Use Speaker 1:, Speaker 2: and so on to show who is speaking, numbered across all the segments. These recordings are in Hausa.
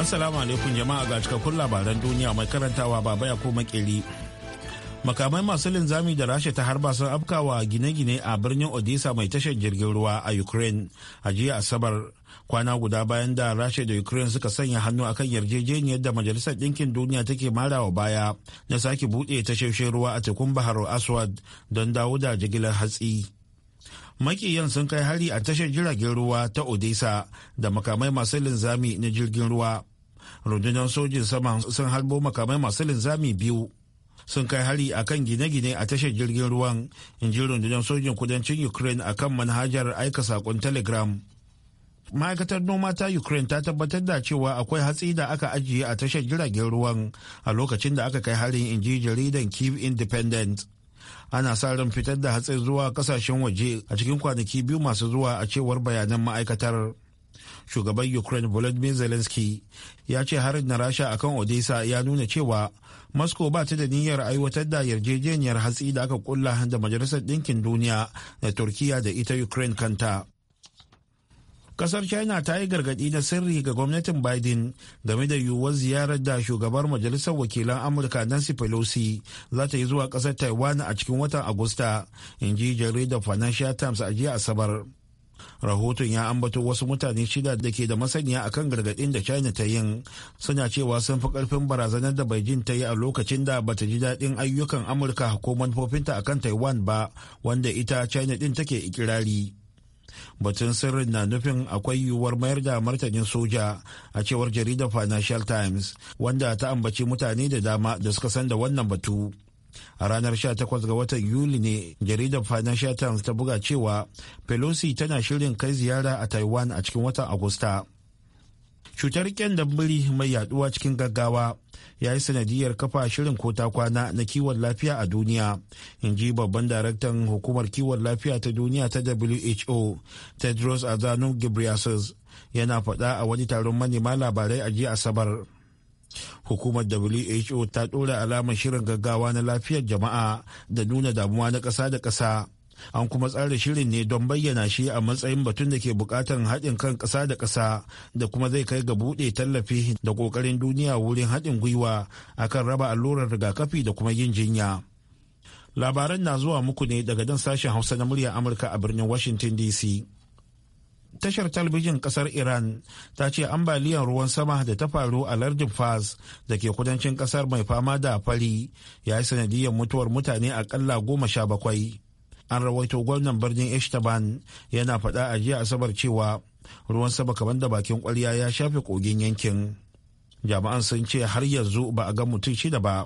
Speaker 1: Assalamu alaikum jama'a ga cikakkun labaran duniya mai karantawa baba ya ko makeri. Makamai masu linzami da rasha ta harba sun afkawa gine-gine a birnin Odisa mai tashar jirgin ruwa a Ukraine a jiya Asabar kwana guda bayan da rasha da Ukraine suka sanya hannu akan yarjejeniyar da Majalisar Ɗinkin Duniya take marawa baya na sake buɗe tashoshin ruwa a tekun Bahar Aswad don dawo da jigilar hatsi. makiyan sun kai hari a tashar jiragen ruwa ta odessa da makamai masu linzami na jirgin ruwa rundunar sojin sama sun harbo makamai masu linzami biyu sun kai hari a kan gine-gine a tashar jirgin ruwan in ji rundunar sojin kudancin ukraine a kan manhajar aika sakon telegram ma'aikatar noma ta ukraine ta tabbatar da cewa akwai hatsi da aka ajiye a tashar jiragen ruwan a lokacin da aka kai harin in ji jaridan kiev independent ana sa ran fitar da hatsin zuwa kasashen waje a cikin kwanaki biyu masu zuwa a cewar bayanan ma'aikatar. shugaban ukraine volodymyr zelensky ya ce harin na rasha akan odessa ya nuna cewa moscow ba ta da niyyar aiwatar da yarjejeniyar hatsi da aka kulla da majalisar ɗinkin duniya da turkiya da ita ukraine kanta kasar china ta yi gargadi na sirri ga gwamnatin biden game da yiwuwar ziyarar da shugabar majalisar wakilan amurka nancy pelosi za ta yi zuwa kasar taiwan a cikin watan agusta in ji jaridar financial times a jiya asabar rahoton ya ambato wasu mutane shida da ke da masaniya akan gargaɗin da china ta yin suna cewa sun fi karfin barazanar da beijing ta yi a lokacin da bata ji daɗin ayyukan amurka ko manufofinta akan taiwan ba wanda ita china ɗin take ikirari batun sirrin na nufin akwai yiwuwar mayar da martanin soja a cewar jaridar financial times wanda ta ambaci mutane da dama da suka san da wannan batu a ranar 18 ga watan yuli ne jaridar financial times ta buga cewa pelosi tana shirin kai ziyara a taiwan a cikin watan agusta cutar biri mai yaduwa cikin gaggawa ya yi sanadiyar kafa shirin kota kwana na kiwon lafiya a duniya in ji babban daraktan hukumar kiwon lafiya ta duniya ta who tedros adhanom ghebreyesus yana faɗa a wani taron manema labarai a jiya asabar hukumar who ta ɗora alamar shirin gaggawa na lafiyar jama'a da nuna damuwa na ƙasa da ƙasa an kuma tsara shirin ne don bayyana shi a matsayin batun da ke bukatar haɗin kan ƙasa da ƙasa da kuma zai kai ga buɗe tallafi da ƙoƙarin duniya wurin haɗin gwiwa akan raba allurar rigakafi da kuma yin jinya. Labaran na zuwa muku ne daga dan sashen Hausa na murya Amurka a birnin Washington DC. tashar talabijin kasar iran ta ce ambaliyar ruwan sama da ta faru a lardin fas da ke kudancin kasar mai fama da fari ya yi sanadiyar mutuwar mutane akalla goma sha bakwai an rawaito gwamnan birnin ishtaban yana faɗa a jiya asabar cewa ruwan sama kamar da bakin kwarya ya shafe kogin yankin jama'an sun ce har yanzu ba a ga mutum shida ba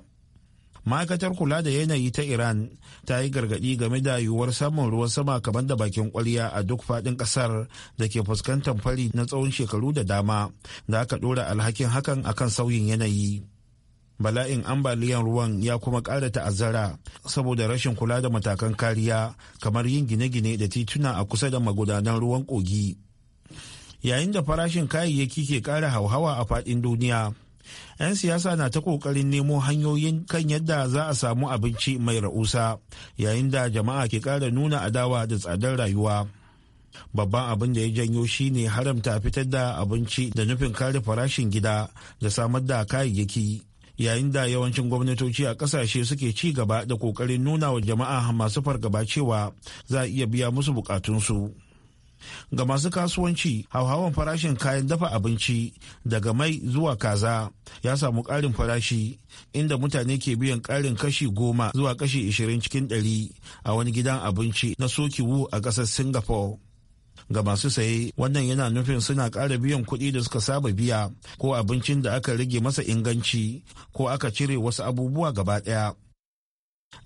Speaker 1: ma'aikatar kula da yanayi ta iran ta yi gargadi game da yiwuwar samun ruwan sama kamar da bakin kwalliya a duk fadin kasar da ke fuskantar fari na tsawon shekaru da dama da aka ɗora alhakin hakan akan sauyin yanayi bala'in ambaliyan ruwan ya kuma ƙara ta'azzara saboda rashin kula da matakan kariya kamar yin gine-gine da tituna a kusa da magudanan ruwan kogi yayin da farashin kayayyaki ke ƙara hauhawa a faɗin duniya 'yan siyasa na ta kokarin nemo hanyoyin kan yadda za a samu abinci mai ra'usa yayin da jama'a ke kara nuna adawa da tsadar rayuwa babban abin da ya janyo shine haramta fitar da abinci da nufin kare farashin gida da samar da kayayyaki yayin da yawancin gwamnatoci a kasashe suke ci gaba da kokarin nuna wa jama'a masu fargaba cewa za a iya biya musu bukatunsu. Ga masu kasuwanci, hauhawan farashin kayan dafa abinci daga mai zuwa kaza ya samu ƙarin farashi inda mutane ke biyan ƙarin kashi goma zuwa kashi ishirin cikin ɗari a wani gidan abinci na Sokiwu a ƙasar Singapore. Ga masu saye, wannan yana nufin suna ƙara biyan kuɗi da suka saba biya ko abincin da aka rage masa inganci ko aka cire wasu abubuwa gaba ɗaya.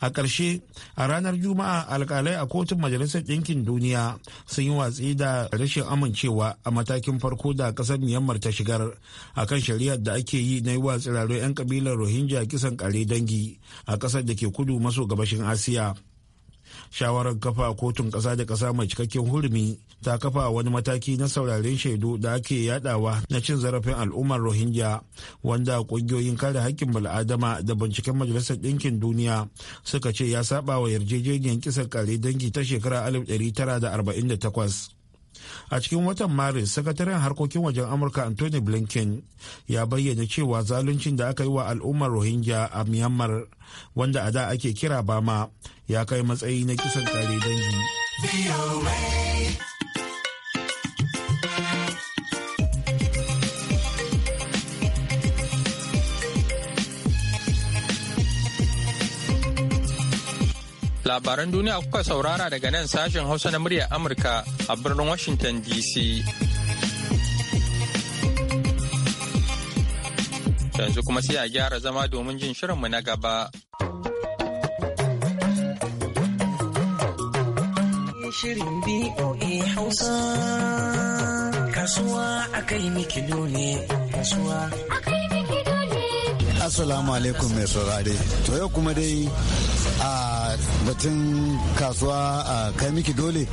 Speaker 1: a ƙarshe a ranar juma'a alkalai a kotun majalisar ɗinkin duniya sun yi watsi da rashin amincewa a matakin farko da ƙasar myanmar ta shigar a kan shari'ar da ake yi na yi wa tsirarru 'yan kabilar rohingya kisan ƙare dangi a ƙasar da ke kudu maso gabashin asiya shawarar kafa kotun ƙasa da ƙasa mai cikakken hurumi ta kafa wani mataki na sauraren shaidu da ake yadawa na cin zarafin al'ummar rohingya wanda kungiyoyin kare hakkin bal'adama da binciken majalisar ɗinkin duniya suka ce ya saba wa yarjejeniyar kisan kare dangi ta shekara 1948 a cikin watan maris sakataren harkokin wajen amurka anthony blinken ya bayyana cewa zaluncin da aka yi wa al'ummar rohingya a myanmar wanda a da ake kira bama ya kai matsayi na kisan kare dangi
Speaker 2: Labaran duniya kuka saurara daga nan sashen Hausa na muryar Amurka a birnin Washington DC. Yanzu kuma sai a gyara zama domin jin shirinmu na gaba.
Speaker 3: Shirin BOA Hausa kasuwa akai mikilo ne kasuwa akai
Speaker 4: Assalamu alaikum mai saurare. To yau kuma dai a batun kasuwa a kai miki dole.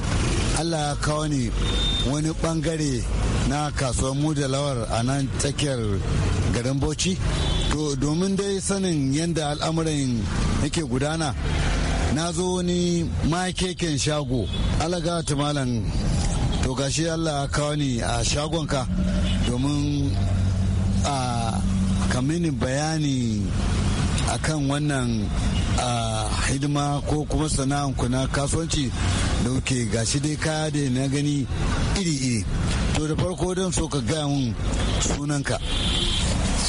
Speaker 4: Allah ya kawo ni wani bangare na kasuwar mu da lawar a nan tsakiyar garin Bauchi. To domin dai sanin yadda al'amuran yake gudana. Na zo ni keken shago, alaga malam to gashi Allah ya kawo ni a shagonka domin a ka mini bayani akan wannan hidima ko kuma sana'anku na kasuwanci da ke gashi dai kaya da na gani iri-iri to da farko don so ka gaya mun sunanka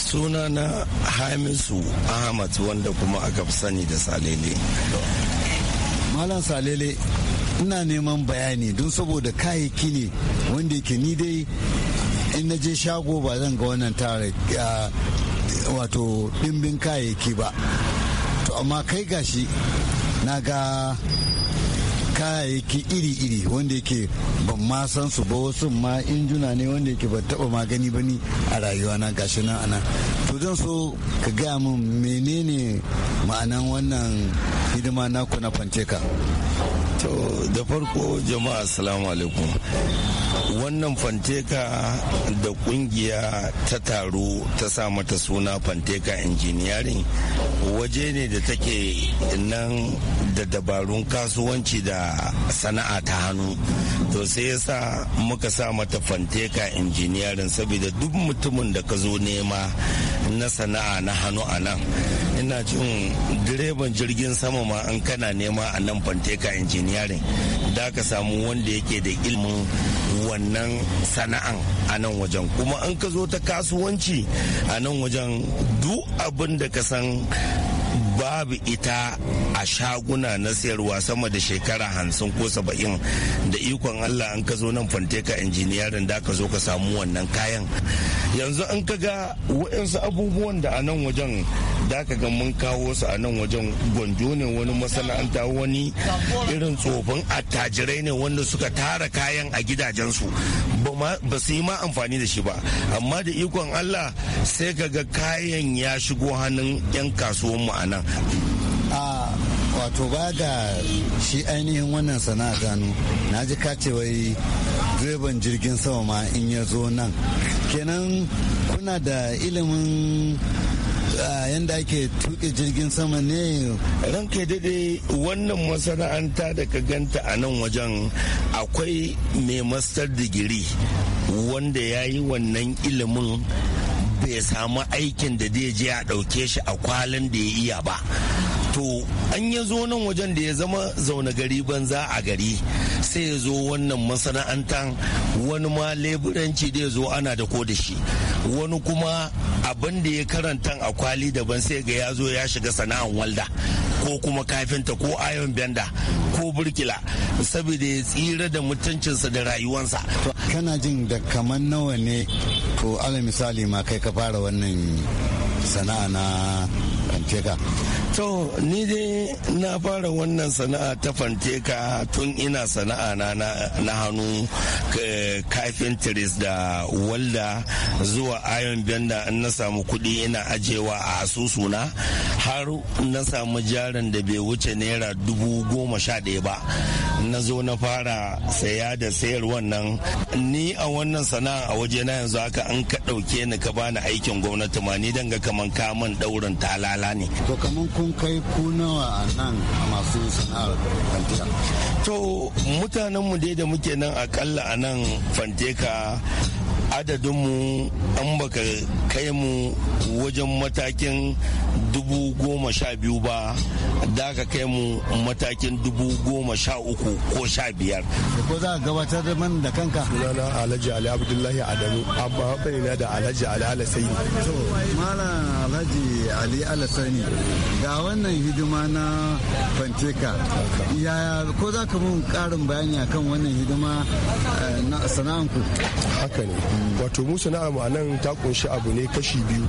Speaker 5: suna na hamisu ahmad wanda kuma aka fi sani da salele malam salele
Speaker 4: ina neman bayani don saboda kayayyaki ne wanda yake ni dai in na je shago ba zan ga wannan tare wato ɗimbin kayayyaki ba to amma kai gashi na ga kayayyaki iri-iri wanda yake ban ma san su ba wasu ma injuna ne wanda yake ba taba magani ba ni a rayuwa na gashi nan ana to zan so ka gaya min menene ma'anan
Speaker 5: wannan hidima naku na fanteka to da farko jama'a assalamu alaikum wannan fanteka da kungiya ta taro ta sa mata suna fanteka engineering waje ne da take nan da dabarun kasuwanci da sana'a ta hannu to sai yasa muka sa mata fanteka injiniyarin saboda duk mutumin da ka zo nema na sana'a na hannu a nan ina cin direban jirgin sama ma an kana nema a nan fanteka injiniyarin da ka samu wanda yake da ilimin wannan sana'an a nan wajen kuma an ka zo ta kasuwanci a nan wajen duk abin da ka san babu ita a shaguna na sayarwa sama da shekara hamsin ko saba'in da ikon allah an ka zo nan fanteka injiniyarin da ka zo ka samu wannan kayan yanzu an ka ga waɗansu abubuwan da a nan wajen da ka ga mun kawo su a nan wajen gwanjo ne wani masana'anta wani irin tsofin attajirai ne wanda suka tara kayan a gidajensu ba su yi ma amfani da shi ba amma da ikon allah sai ka ga kayan ya shigo hannun 'yan kasuwanmu a nan wato ba ga shi ainihin wannan sana'a gano na ji
Speaker 4: kace wai direban jirgin sama ma in ya zo nan kenan
Speaker 5: kuna da ilimin yanda ake tuke jirgin sama ne ranka daɗe wannan masana'anta da ka ganta a nan wajen akwai mai mastar digiri wanda ya yi wannan ilimin bai samu aikin da zai je a ɗauke shi a kwalin da ya iya ba to an ya zo nan wajen da ya zama zaune gari banza a gari sai ya zo wannan masana'antar wani ma leburanci da ya zo ana da ko da shi wani kuma abin da ya karanta a kwali daban sai ga ya zo ya shiga sana'an walda ko kuma kafinta ko ayon benda ko burkila saboda ya tsira da mutuncinsa da rayuwansa
Speaker 4: kana jin da kamar nawa ne ko alal misali
Speaker 5: ma kai ka fara wannan sana'a na To ni dai na fara wannan sana'a ta fanteka tun ina sana'a na na hannu kafin eh, tiris da walda zuwa ayon benda in na samu kuɗi ina ajewa a asusuna har na samu jarin da bai wuce naira dubu goma sha ɗaya ba na zo na fara saya da sayar wannan ni a wannan sana'a a waje na yanzu haka an ka ɗauke ni ka bani aikin gwamnati ma ni danga kaman kamun ɗaurin talala ne.
Speaker 4: To kaman kun kai kunawa a nan a masu sana'ar
Speaker 5: fanteka to mutanenmu dai da muke nan akalla a nan fanteka adadinmu an baka kai mu wajen matakin dubu goma sha biyu ba da ka kai mu matakin dubu goma sha uku ko sha biyar. ko
Speaker 6: za ka gabatar da man da kanka? sunana alhaji ali abdullahi adamu abba bane na da alhaji ali alasani.
Speaker 4: So, malam alhaji ali alasani ga wannan hidima na fanteka yaya ko za ka mun karin bayani akan wannan
Speaker 6: hidima eh, na sana'anku? haka ne wato mu sana'a mu nan ta kunshi abu ne kashi biyu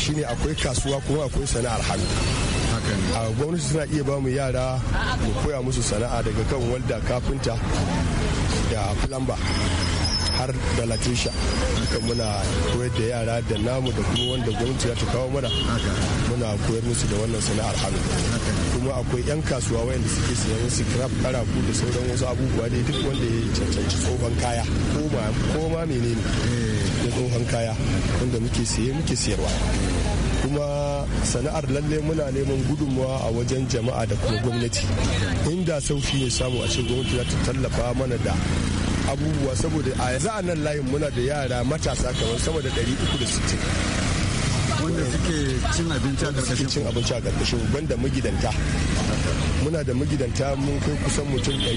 Speaker 6: shine akwai kasuwa kuma akwai sana'ar hannu a gwamnati suna iya ba mu yara mu koya musu sana'a daga kan walda kafinta da plumber har da latisha duka muna koyar da yara da namu da kuma wanda gwamnati za ta kawo mana muna koyar musu da wannan sana'ar hannu kuma akwai 'yan kasuwa wayanda suke siyan scrap karaku da sauran wasu abubuwa da duk wanda ya cancanci tsohon kaya ko ma menene da tsohon kaya wanda muke siye muke siyarwa kuma sana'ar lalle muna neman gudunmawa a wajen jama'a da kuma gwamnati inda sauki ne samu a cikin gwamnati za ta tallafa mana da abubuwa saboda a yanzu a nan layin muna da yara matasa kamar sama da 360 wanda suke cin abinci a karkashin cin abinci a karkashin banda magidanta muna da magidanta mun kai kusan mutum 250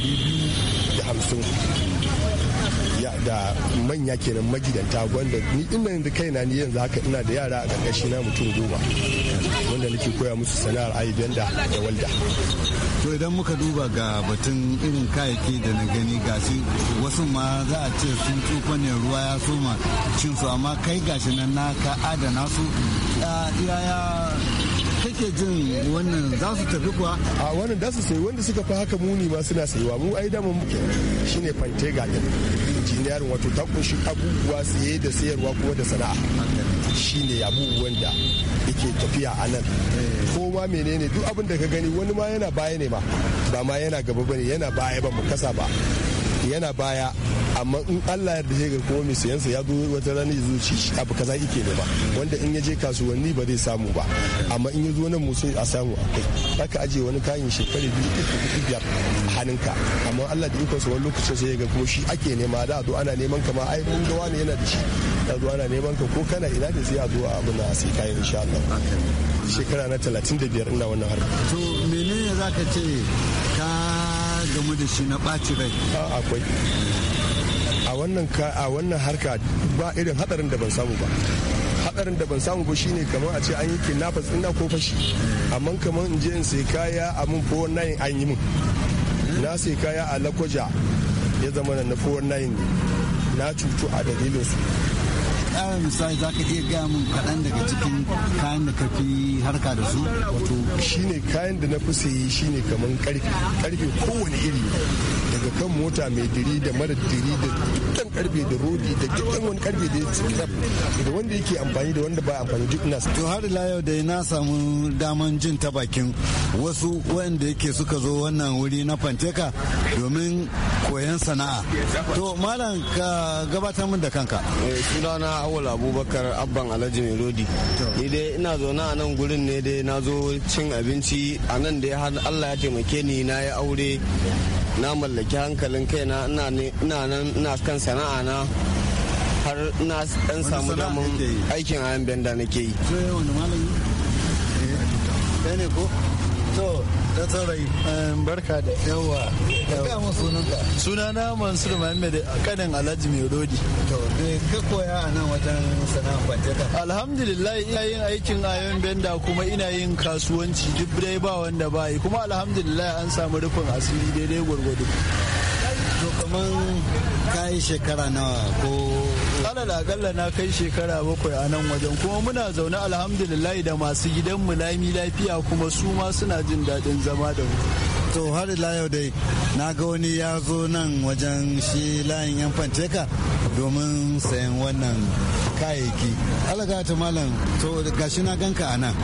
Speaker 6: da manya kenan magidanta wanda ni ina da kaina ni yanzu haka ina da yara a karkashi na mutum goma wanda nake koya musu sana'ar ayi da walda
Speaker 4: to idan muka duba ga batun irin kayayyaki da na gani gashi wasu ma za a ce sun tsufa ne ruwa ya soma cin su amma kai
Speaker 6: gashi nan na ka adana su ah, ya kake jin wannan za su tafi kuwa a wannan da su sai wanda suka fi haka muni ma suna sayuwa mu ai daman muke shine fantega din injiniyar wato ta kunshi abubuwa saye da sayarwa kuma da sana'a shine abubuwan da yake tafiya a nan ko ma menene duk abin da ka gani wani ma yana baya ne ma ba ma yana gaba bane yana baya ba mu kasa ba yana baya amma in Allah yarda ga kuma mai sayansa ya zo wata rana ya zo ci abu kaza ne ba wanda in ya je kasuwanni ba zai samu ba amma in ya zo nan musu a samu akai haka aje wani kayan shekaru biyu uku hudu biyar hannunka amma Allah da ikonsa wani lokacin sai ya ga kuma shi ake nema da zo ana neman ka ma ai mun ga wani yana da shi da zo ana neman ka ko kana ina da sai a zo a abu na sai kayan insha Allah shekara na talatin da biyar ina wannan harka to menene ka ce ka gamu da shi na ɓaci rai akwai a wannan a wannan harka ba irin hadarin da ban samu ba hadarin da ban samu ba shine kamar a ce an yi kidnappers ina ko fashi amma kamar in je in sai kaya a mun ko nayin an yi mun na sai kaya a lakwaja ya zama na fowar wannan na cutu a dalilin su ƙara misali za ka iya gaya mun kaɗan daga cikin kayan da ka fi harka da su wato shine kayan da na fi sayi shine kamar ƙarfe karfe kowane iri daga kan mota mai diri da mara diri da dukkan karfe da rodi da dukkan wani karfe da ya da
Speaker 4: wanda yake amfani da wanda ba amfani duk nasa. to har ila yau dai na samu daman jin ta bakin wasu wanda yake suka zo wannan wuri na fanteka domin koyon sana'a to malam ka gabatar min da kanka
Speaker 5: eh, sunana awul abubakar abban alhaji mai rodi ni dai ina zaune a nan gurin ne dai na zo cin abinci a nan dai har allah ya taimake ni na yi aure na mallaki hankalin kaina ina nan kan sana'a na har na dan samu damar aikin ayan benda nake yi.
Speaker 4: da tsarai um, barka da yawa ga mu sunanka sunana mansur muhammad kanin alhaji mai rodi to ka koya a nan wajen sana'ar kwanteka alhamdulillah ina yin aikin ayon benda kuma ina yin kasuwanci duk dai ba wanda ba yi kuma alhamdulillah an samu rufin asiri daidai gwargwado to kaman kayi shekara nawa ko alala akalla na kai shekara bakwai a nan wajen kuma muna zaune alhamdulillah da masu gidanmu lami lafiya kuma su ma suna jin daɗin zama da mu to har ila yau dai na ga wani ya zo nan wajen shi layin yan fanteka domin sayan wannan kayayyaki alaga ta malam to gashi na ganka a nan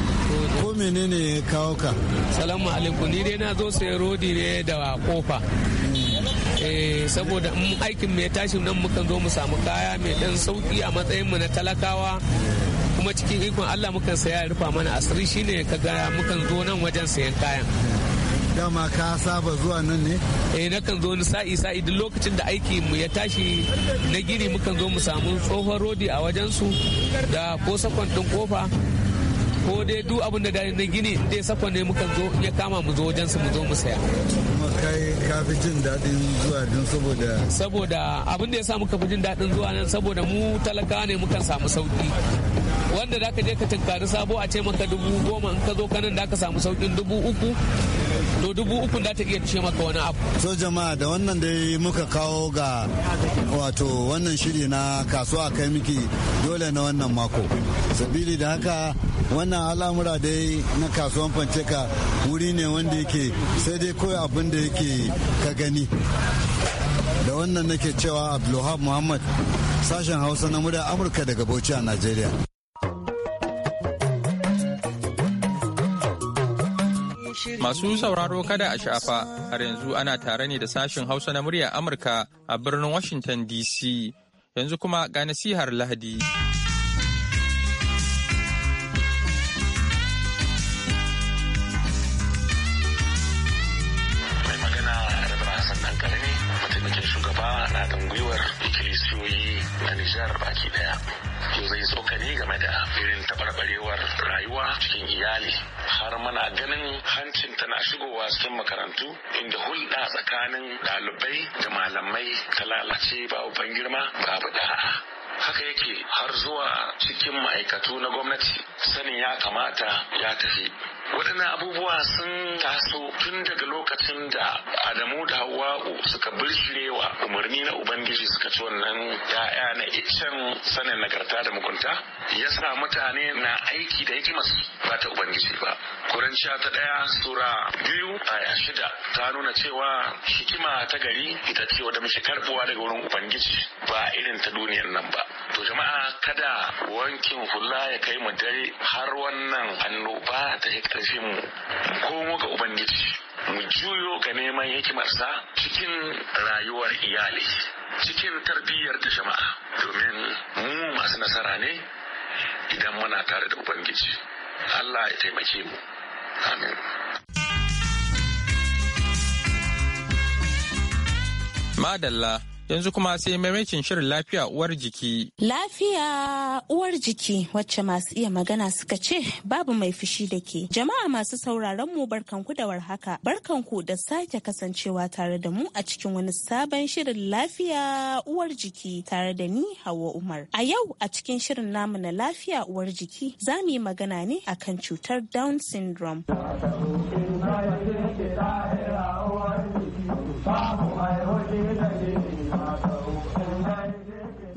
Speaker 4: ko menene kawo ka
Speaker 5: salamu alaikum ni dai na zo sayan rodi ne da kofa Eh, saboda in aikin mai tashi nan mukan zo mu samu kaya mai dan sauki a matsayin mu na talakawa kuma cikin ikon Allah mukan saya ya rufa mana asiri shine ka ga mukan zo nan wajen sayan kayan dama ka saba zuwa nan ne eh kan zo ni sa'i sa'i duk lokacin da aiki mu ya tashi na gini mukan zo mu samu tsohon rodi a wajen su da ko sakon din kofa ko dai duk abin da dani na gini dai sakon ne muka zo ya kama mu zo wajen su mu zo mu saya kuma
Speaker 4: kai ka fi jin daɗin zuwa din saboda
Speaker 5: saboda abin da ya sa muka fi jin daɗin zuwa nan saboda mu talaka ne muka samu sauki wanda da ka je ka tunkari sabo a ce maka dubu goma in ka zo kanan da ka samu saukin dubu uku to dubu uku da ta iya ce maka wani abu. so jama'a da wannan dai muka
Speaker 4: kawo ga wato wannan shiri na kasuwa kai miki dole na wannan mako sabili da haka wannan al'amura dai na kasuwan fanceka wuri ne wanda yake sai dai koyi abin da yake ka gani da wannan nake cewa abdulhab muhammad sashen hausa na murya amurka daga bauchi a
Speaker 2: najeriya Masu sauraro kada a shafa har yanzu ana tare ne da sashen Hausa na murya Amurka a birnin Washington DC. Yanzu kuma ga nasihar Lahadi. Mai
Speaker 7: magana Rabin Hassan ɗan ƙarami, mataimakin shugaba na ɗan gwiwar ikilisiyoyi na Nijar baki ɗaya. Yau zai tsokani game da irin taɓarɓarewar rayuwa cikin iyali jihar mana ganin hancin tana shigowa cikin makarantu inda hulɗa tsakanin ɗalibai da malamai ta lalace babu ban girma babu ɗa'a. haka yake har zuwa cikin ma'aikatu na gwamnati sanin ya kamata ya tafi waɗannan abubuwa sun taso tun daga lokacin da adamu da hawa'u suka birshirewa umarni na ubangiji suka ci wannan ya'ya na iccen sanin nagarta da mugunta ya sa mutane na aiki da hikimar ba ta ubangiji ba kuran sha ta ɗaya sura biyu aya shida ta nuna cewa hikima ta gari ita ce wata mace karbuwa daga wurin ubangiji ba irin ta duniyar nan ba to jama'a kada wankin hula ya kai mu dare har wannan annoba ta hikta ƙarfi mu ko ga ubangiji mu juyo ga neman hikimarsa cikin rayuwar iyali cikin tarbiyyar da jama'a domin mu masu nasara ne idan muna tare da ubangiji Allah ya taimake mu amin
Speaker 2: madalla Yanzu kuma sai maimakin shirin lafiya uwar jiki.
Speaker 3: Lafiya uwar jiki wacce masu iya magana suka ce babu mai fushi da ke. Jama'a masu sauraron mu barkanku da warhaka. Barkanku da sake kasancewa tare da mu a cikin wani sabon shirin lafiya uwar jiki tare da ni Hauwa Umar. A yau a cikin shirin namu na lafiya uwar jiki za mu yi magana ne akan cutar Down syndrome.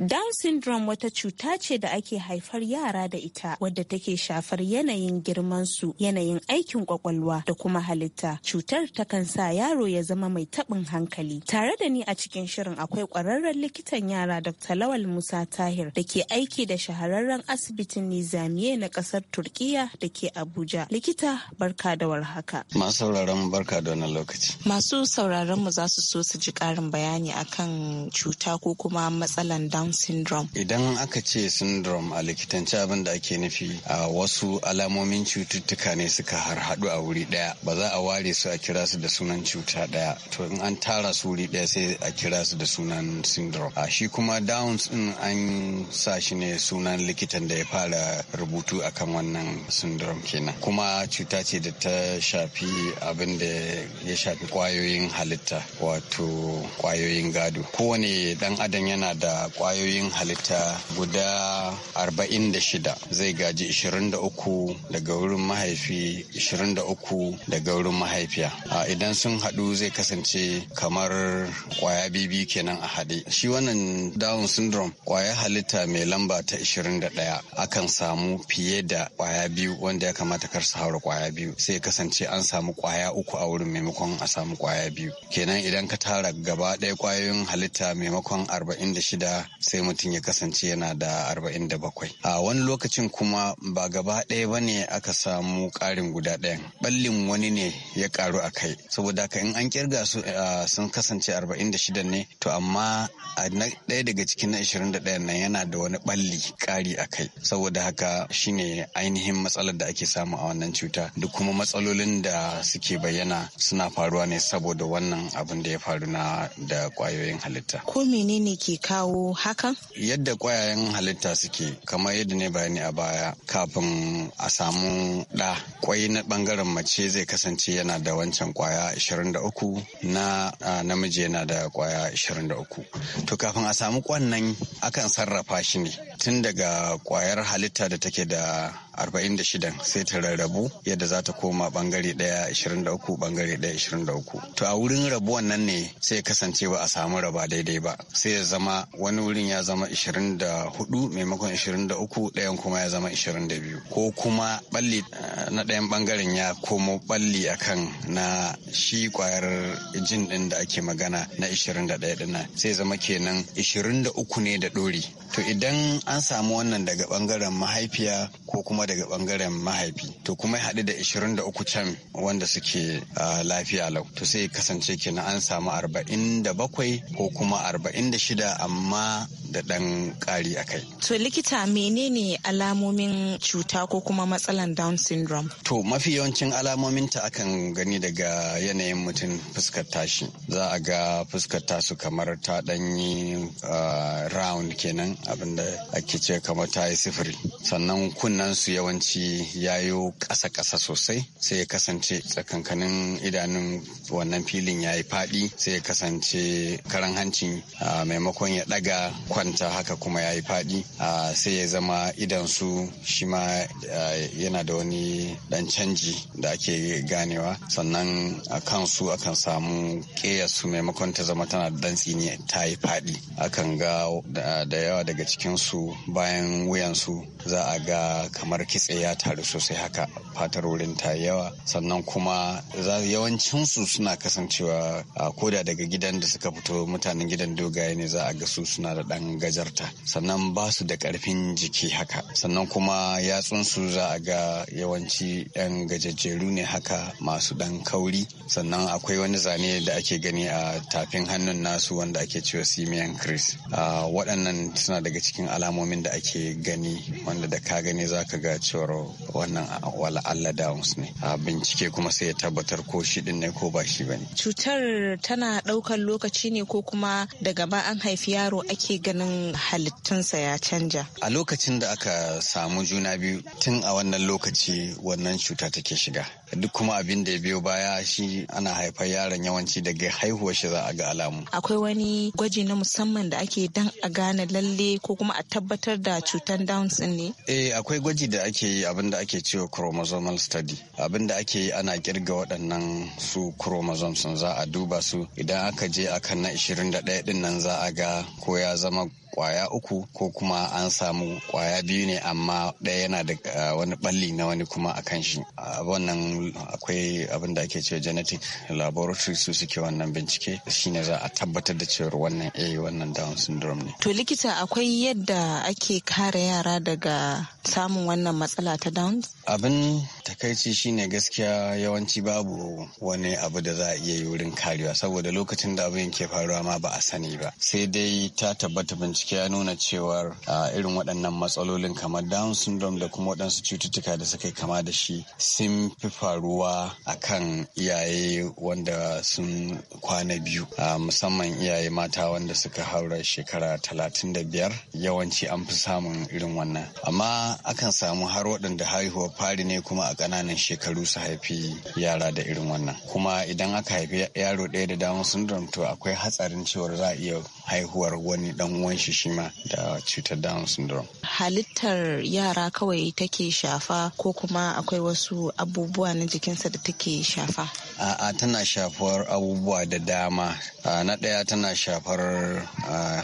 Speaker 3: Down syndrome wata cuta ce da ake haifar yara da ita wadda take shafar yanayin girmansu, yanayin aikin kwakwalwa da kuma halitta. Cutar takan sa yaro ya zama mai taɓin hankali. Tare da ni a cikin shirin akwai ƙwararren likitan yara Dr. Lawal Musa Tahir da ke aiki da shahararren asibitin Nizamiye na ƙasar Turkiya da ke Abuja. Likita barka da warhaka.
Speaker 8: Masu sauraron barka da wannan lokaci.
Speaker 3: Masu sauraron mu za su so su ji ƙarin bayani akan cuta ko kuma matsalan Down syndrome
Speaker 8: idan aka ce syndrome a likitance abin da ake nufi a wasu alamomin cututtuka ne suka harhaɗu a wuri ɗaya ba za a ware su a kira su da sunan cuta ɗaya to in an tara su wuri ɗaya sai a kira su da sunan syndrome a shi kuma downs ɗin an sa shi ne sunan likitan da ya fara rubutu akan wannan syndrome kenan kuma cuta ce da ta shafi abin da ya shafi kwayoyin halitta wato kwayoyin gado kowane ɗan adam yana da kwayoyin kwayoyin halitta guda 46 zai gaji 23 daga wurin mahaifi 23 daga wurin mahaifiya idan sun haɗu zai kasance kamar kwaya bibi kenan a haɗe shi wannan down syndrome kwaya halitta mai lamba ta 21 akan samu fiye da kwaya biyu wanda ya kamata kar su haura kwaya biyu sai kasance an samu kwaya uku a wurin maimakon a samu kwaya biyu kenan idan ka tara gaba ɗaya kwayoyin halitta maimakon 46 sai mutum ya kasance yana da arba'in a wani lokacin kuma ba gaba ɗaya ba ne aka samu ƙarin guda ɗayan ɓallin wani ne ya ƙaru a kai saboda haka in an kirga su sun kasance arba'in ne to amma a ɗaya daga cikin na 21 da nan yana da wani ɓalli ƙari a kai saboda haka shine ainihin matsalar da ake samu a wannan cuta duk kuma matsalolin da suke bayyana suna faruwa ne saboda wannan abin da ya faru na da ƙwayoyin halitta
Speaker 3: ko menene ke kawo haka
Speaker 8: Yadda ƙwayayen halitta suke kamar yadda ne bayani a baya kafin a samu ɗa kwai na ɓangaren mace zai kasance yana da wancan kwaya 23 na namiji yana da kwaya 23. To kafin a samu nan akan sarrafa shi ne tun daga kwayar halitta da take da 46 sai ta rarrabu yadda za ta koma bangare daya 23 bangare daya 23 to a wurin rabuwan nan ne sai kasance ba a samu raba daidai ba sai ya zama wani wurin ya zama 24 maimakon 23 dayan kuma ya zama 22 ko kuma balli eh, na dayan bangaren ya komo balli akan na shi kwayar jin din da ake magana na 21 dina sai zama kenan 23 ne da dori to idan an samu wannan daga bangaren mahaifiya ko kuma kuma daga bangaren mahaifi to kuma ya haɗu da 23 can wanda suke lafiya lau to sai kasance kenan an samu 47 ko kuma 46 amma da ɗan ƙari a kai.
Speaker 3: To likita menene alamomin cuta ko kuma matsalan Down syndrome?
Speaker 8: To mafi yawancin alamomin ta akan gani daga yanayin mutum fuskar tashi. Za a ga fuskar tasu kamar ta ɗanyi round kenan abinda ake ce kamar ta yi sifiri. Sannan kunnen su yawanci yawanci yayo ƙasa-ƙasa sosai sai ya kasance tsakankanin idanun wannan filin ya yi faɗi sai ya kasance karan hancin maimakon ya ɗaga kwanta haka kuma ya yi faɗi sai ya zama idan su shi ma yana da wani ɗan canji da ake ganewa sannan a kansu akan samu su maimakon ta zama tana da ɗan tsini ta yi faɗi akan ga da yawa daga cikin su bayan wuyansu za a ga kamar kitse ya taru sosai haka fatar wurin ta yawa sannan kuma yawancinsu suna kasancewa a koda daga gidan da suka fito mutanen gidan dogaye ne za a ga su suna da ɗan gajarta sannan ba su da karfin jiki haka sannan kuma yatsunsu za a ga yawanci 'yan gajajjeru ne haka masu ɗan kauri sannan akwai wani zane da ake gani a tafin hannun nasu wanda ake cewa simian chris waɗannan suna daga cikin alamomin da ake gani wanda da ka gani za ka ga ga cewar wannan Allah Downs ne. A bincike kuma sai ya tabbatar ko shi din ne ko ba shi ba ne.
Speaker 3: Cutar tana ɗaukar lokaci ne ko kuma daga ba an haifi yaro ake ganin halittunsa ya canja.
Speaker 8: A lokacin da aka samu juna biyu tun a wannan lokaci wannan cuta take shiga. Duk kuma abin da ya biyo baya shi ana haifar yaron yawanci daga haihuwar shi za a ga alamu.
Speaker 3: Akwai wani gwaji na musamman da ake dan a gane lalle ko kuma a tabbatar da cutar Downs ne?
Speaker 8: Eh akwai gwaji da ake yi abin da ake cewa chromosomal study abin da ake yi ana kirga waɗannan su chromosomes za a duba su idan aka je a kan na 21 din nan za a ga ko ya zama kwaya uku ko kuma an samu kwaya biyu ne amma ɗaya yana da wani balli na wani kuma a kan shi wannan akwai abin da ake cewa genetic laboratory su suke wannan bincike shine za a tabbatar da cewar wannan a eh, wannan down syndrome ne
Speaker 3: to likita akwai yadda ake kare yara daga samun wannan wannan matsala ta downs
Speaker 8: abin takaici shine gaskiya yawanci babu wani abu da za a iya yi wurin karewa saboda lokacin da abin ke faruwa ma ba a sani ba sai dai ta tabbata bincike ya nuna cewar irin waɗannan matsalolin kamar down syndrome da kuma waɗansu cututtuka da suka kama da shi sun fi faruwa akan iyaye wanda sun kwana biyu musamman iyaye mata wanda suka haura shekara talatin da biyar yawanci an fi samun irin wannan amma akan samu samu har waɗanda haihuwar fari ne kuma a ƙananan shekaru su haifi yara da irin wannan kuma idan aka haifi yaro ɗaya da down syndrome to akwai hatsarin cewar za a iya haihuwar wani ɗan uwan shi shi ma da cutar down syndrome
Speaker 3: halittar yara kawai take shafa ko kuma akwai wasu abubuwa na jikinsa da take shafa
Speaker 8: a'a tana shafar abubuwa da dama na ɗaya tana shafar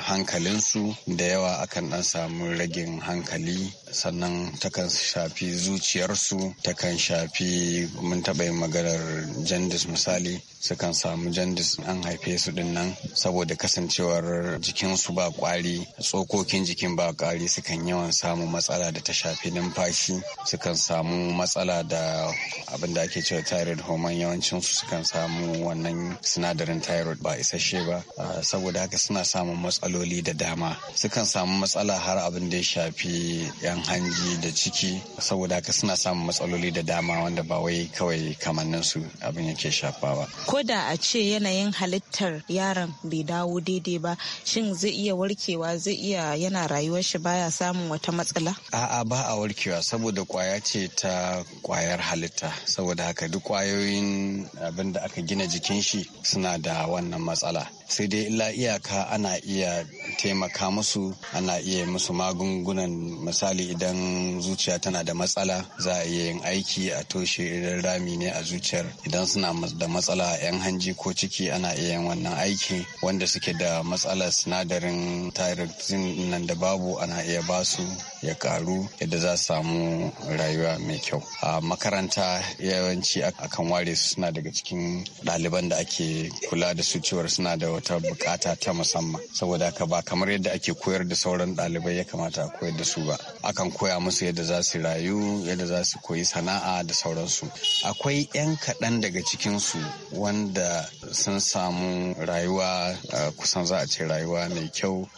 Speaker 8: hankalinsu da yawa akan ɗan samu ragin hankali sannan takan takan shafi zuciyarsu takan shafi mun taɓa yin maganar jandis misali sukan samu jandis an haife su din nan saboda kasancewar jikinsu ba kwari tsokokin jikin ba kwari sukan yawan samu matsala da ta shafi numfashi sukan samu matsala da abin da ake cewa thyroid hormone yawancinsu sukan samu wannan sinadarin thyroid ba isasshe ba ah, saboda haka suna samun matsaloli da dama sukan samu matsala har abin da ya shafi yan hanji da ci ciki saboda haka suna samun matsaloli da dama wanda ba wai kawai kamannin su abin yake shafa ba
Speaker 3: ko da a ce yanayin halittar yaron bai dawo daidai ba shin zai iya warkewa zai iya yana rayuwar shi baya samun wata matsala
Speaker 8: a'a ba a warkewa saboda kwaya ce ta kwayar halitta saboda haka duk kwayoyin abin da aka gina jikin shi suna da wannan matsala sai dai illa iyaka ana iya taimaka musu ana iya musu magungunan misali idan zuciya tana da matsala za a iya yin aiki a toshe idan rami ne a zuciyar idan suna da matsala yan hanji ko ciki ana iya yin wannan aiki wanda suke da matsalar sinadarin thyroxine nan da babu ana iya basu ya karu yadda za su samu rayuwa mai kyau a makaranta yawanci akan ware su suna daga cikin ɗaliban da ake kula da su cewar suna da wata bukata ta musamman saboda haka ba kamar yadda ake koyar da sauran dalibai ya kamata a koyar da su ba akan koya musu yadda za su rayu yadda za su koyi sana'a da sauransu akwai 'yan kaɗan daga cikinsu wanda sun samu rayuwa kusan za a ce rayuwa mai kyau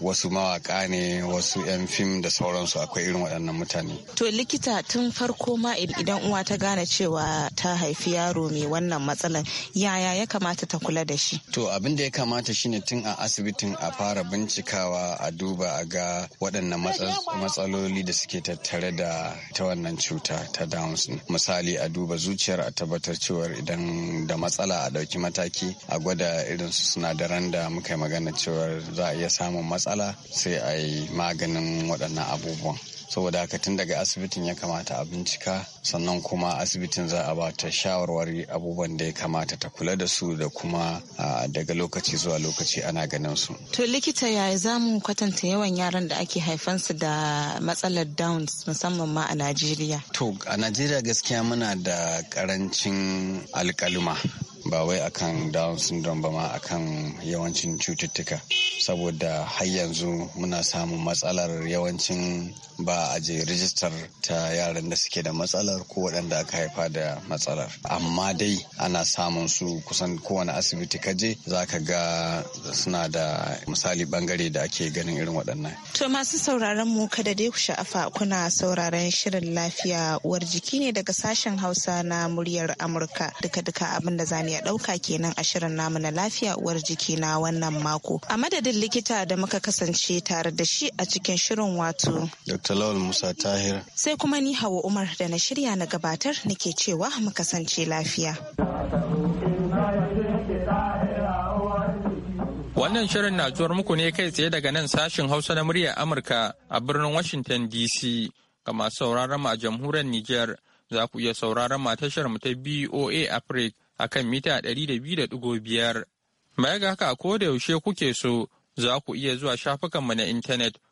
Speaker 8: wasu mawaka ne wasu 'yan fim da sauransu akwai irin waɗannan mutane
Speaker 3: to likita tun farko ma idan uwa ta gane cewa ta haifi yaro mai wannan matsalar, yaya ya kamata ta kula da shi to abin da ya kamata shine tun a
Speaker 8: asibitin a fara bincikawa a duba a ga waɗannan matsaloli da suke tattare da ta wannan cuta ta downs misali a duba zuciyar a tabbatar cewar idan da matsala a ɗauki mataki a gwada irin su sinadaran da muka yi magana cewa za a iya samun matsala sai a yi maganin waɗannan abubuwan saboda haka tun daga asibitin ya kamata a bincika sannan kuma asibitin za a bata shawarwari abubuwan da ya kamata ta kula da su da kuma daga lokaci zuwa lokaci ana ganin
Speaker 3: su. To likita yaya za mu kwatanta yawan yaran da ake haifansu da matsalar Downs musamman ma a Najeriya?
Speaker 8: To a Najeriya gaskiya muna da karancin alkaluma ba wai akan down syndrome ba ma akan yawancin cututtuka saboda har yanzu muna samun matsalar yawancin ba a je rijistar ta yaran da suke da matsalar ko waɗanda aka haifa da matsalar amma dai ana samun su kusan kowane asibiti ka je za ka ga suna da misali bangare da ake ganin irin waɗannan
Speaker 3: to masu sauraron mu kada dai ku sha'afa kuna sauraron shirin lafiya uwar jiki ne daga sashen hausa na muryar amurka duka-duka abin da za ya ɗauka kenan a shirin namu na lafiya uwar jiki na wannan mako a madadin likita da muka kasance tare da shi a cikin shirin wato
Speaker 8: Talawal Musa
Speaker 2: Tahir.
Speaker 3: Sai kuma ni Hawa Umar da na shirya na gabatar nake cewa mu kasance lafiya.
Speaker 2: Wannan shirin na zuwar muku ne kai tsaye daga nan sashin Hausa na muryar Amurka a birnin Washington DC. Ga masu sauraron mu a jamhuriyar Nijar za ku iya sauraron mu tashar mu ta BOA Africa kan mita 200.5. Baya ga haka a da yaushe kuke so za ku iya zuwa shafukanmu na intanet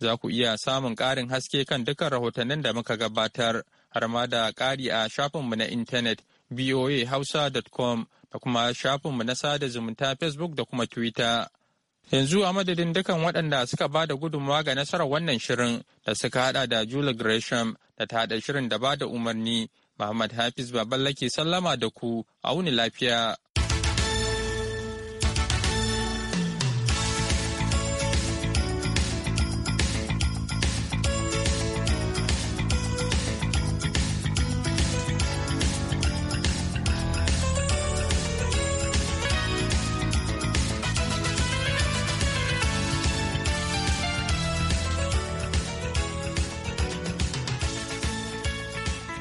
Speaker 2: Za ku iya samun ƙarin haske kan dukkan rahotannin da muka gabatar har ma da kari a shafinmu na intanet voahausa.com da kuma shafinmu na sada zumunta Facebook da kuma Twitter. Yanzu a madadin dukkan waɗanda suka ba da gudunmawa ga nasarar wannan shirin da suka haɗa da Julie Gresham da ta haɗa shirin da ba da umarni, Muhammad Hafiz Baballake sallama da ku, auni lafiya.